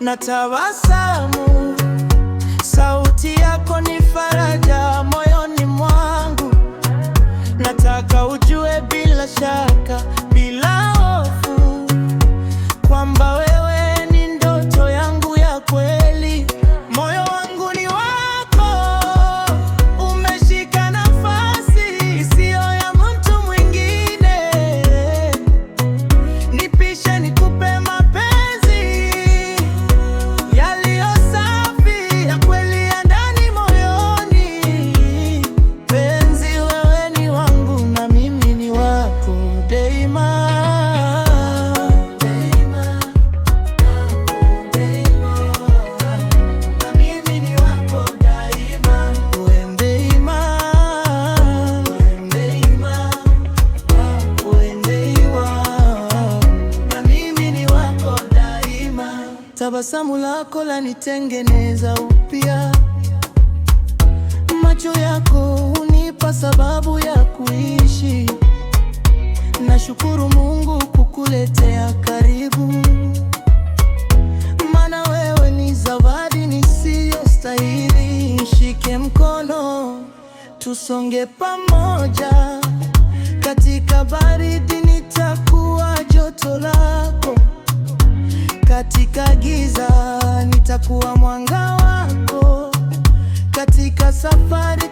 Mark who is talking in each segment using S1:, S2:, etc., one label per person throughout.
S1: na tabasamu Tabasamu lako lanitengeneza upya, macho yako hunipa sababu ya kuishi. Nashukuru Mungu kukuletea karibu, maana wewe ni zawadi nisiyostahili. Nishike mkono tusonge pamoja. kuwa mwanga wako katika safari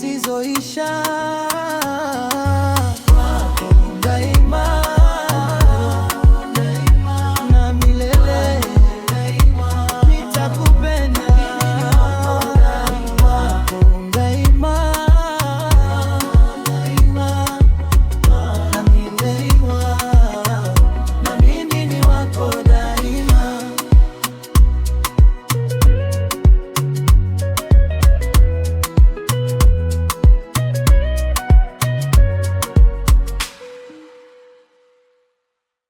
S1: zisizoisha.